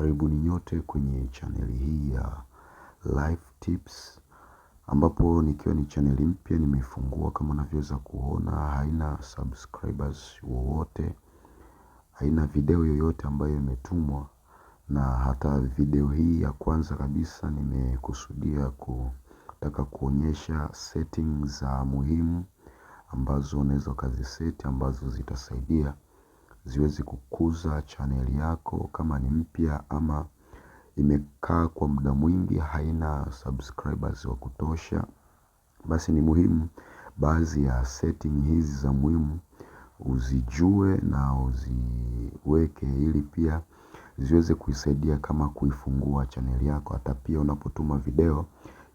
Karibuni nyote kwenye chaneli hii ya Life Tips ambapo nikiwa ni chaneli mpya nimefungua kama unavyoweza kuona, haina subscribers wowote, haina video yoyote ambayo imetumwa, na hata video hii ya kwanza kabisa nimekusudia kutaka kuonyesha settings za muhimu ambazo unaweza ukaziseti ambazo zitasaidia ziweze kukuza channel yako kama ni mpya ama imekaa kwa muda mwingi haina subscribers wa kutosha. Basi ni muhimu baadhi ya setting hizi za muhimu uzijue na uziweke ili pia ziweze kuisaidia kama kuifungua channel yako hata pia unapotuma video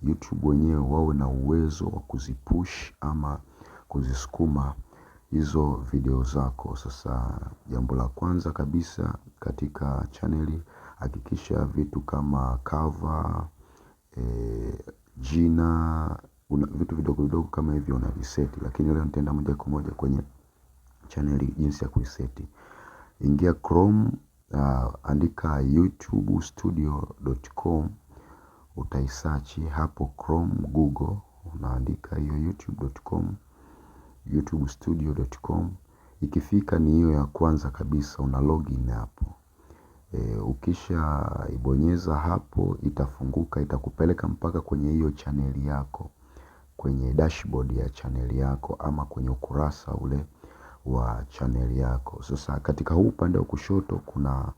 YouTube wenyewe wawe na uwezo wa kuzipush ama kuzisukuma hizo video zako. Sasa jambo la kwanza kabisa katika chaneli hakikisha vitu kama cover, eh, jina, vitu vidogo vidogo kama hivyo viseti Lakini leo nitaenda moja kwa moja kwenye chaneli jinsi ya kuiseti. Ingia Chrome, ah, andika YouTube studio.com utaisachi hapo Chrome, Google unaandika hiyo youtube.com youtubestudio.com ikifika ni hiyo ya kwanza kabisa una login hapo e, ukisha ibonyeza hapo itafunguka itakupeleka mpaka kwenye hiyo chaneli yako kwenye dashboard ya chaneli yako ama kwenye ukurasa ule wa chaneli yako. Sasa katika huu upande wa kushoto kuna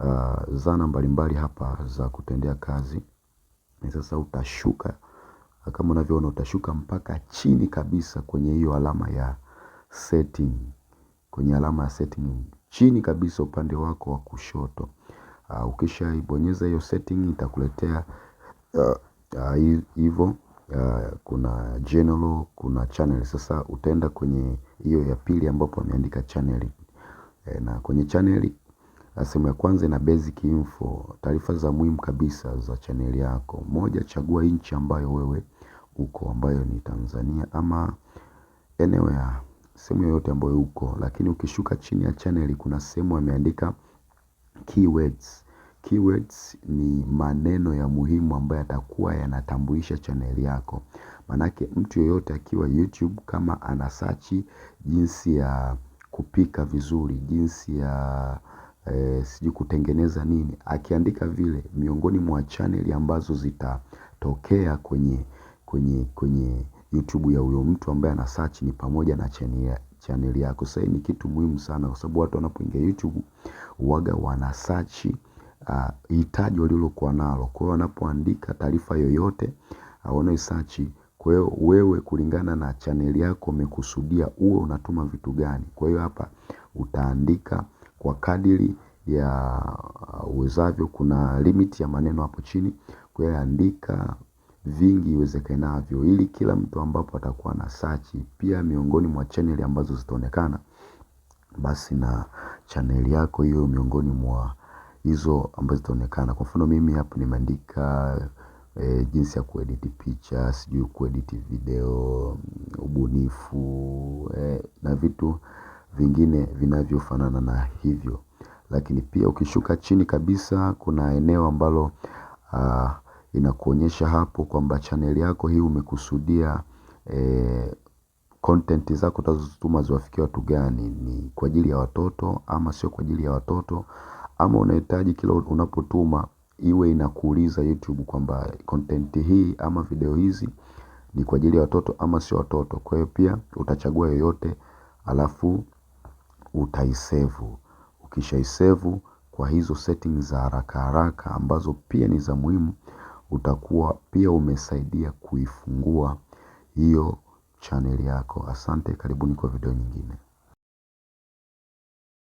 uh, zana mbalimbali hapa za kutendea kazi. E, sasa utashuka kama unavyoona utashuka mpaka chini kabisa kwenye hiyo alama ya setting, kwenye alama ya setting chini kabisa upande wako wa kushoto. Uh, ukishaibonyeza hiyo setting itakuletea ah, ah, hivyo uh, uh, uh, kuna general, kuna channel. Sasa utaenda kwenye hiyo ya pili ambapo ameandika channel e, na kwenye channel sehemu ya kwanza ina basic info, taarifa za muhimu kabisa za channel yako. Moja, chagua inchi ambayo wewe huko ambayo ni Tanzania ama eneo ya sehemu yoyote ambayo uko lakini ukishuka chini ya channel kuna sehemu ameandika keywords. Keywords ni maneno ya muhimu ambayo yatakuwa yanatambulisha channel yako. Manake mtu yoyote akiwa YouTube kama anasachi jinsi ya kupika vizuri, jinsi ya eh, sijui kutengeneza nini. Akiandika vile miongoni mwa channel ambazo zitatokea kwenye kwenye kwenye YouTube ya huyo mtu ambaye ana search ni pamoja na channel yako. Sasa ni kitu muhimu sana kwa sababu watu wanapoingia YouTube huwaga wana search ah, hitaji walilokuwa nalo. Kwa hiyo wanapoandika taarifa yoyote wanaisearch. Kwa hiyo wewe kulingana na channel yako umekusudia uwe unatuma vitu gani. Kwa hiyo hapa utaandika kwa kadiri ya ah, uwezavyo kuna limit ya maneno hapo chini. Kwa hiyo andika vingi iwezekanavyo ili kila mtu ambapo atakuwa na sachi pia miongoni mwa chaneli ambazo zitaonekana basi na chaneli yako hiyo miongoni mwa hizo ambazo zitaonekana. Kwa mfano mimi hapo nimeandika e, jinsi ya kuediti picha, sijui kuediti video, ubunifu e, na vitu vingine vinavyofanana na hivyo. Lakini pia ukishuka chini kabisa kuna eneo ambalo uh, inakuonyesha hapo kwamba chaneli yako hii umekusudia eh, content zako utazozituma ziwafikie watu gani ni kwa ajili ya watoto ama sio kwa ajili ya watoto ama unahitaji kila unapotuma iwe inakuuliza YouTube kwamba content hii ama video hizi ni kwa ajili ya watoto ama sio watoto. Kwa hiyo pia utachagua yoyote alafu utaisevu. Ukishaisevu kwa hizo settings za haraka haraka ambazo pia ni za muhimu utakuwa pia umesaidia kuifungua hiyo chaneli yako. Asante, karibuni kwa video nyingine.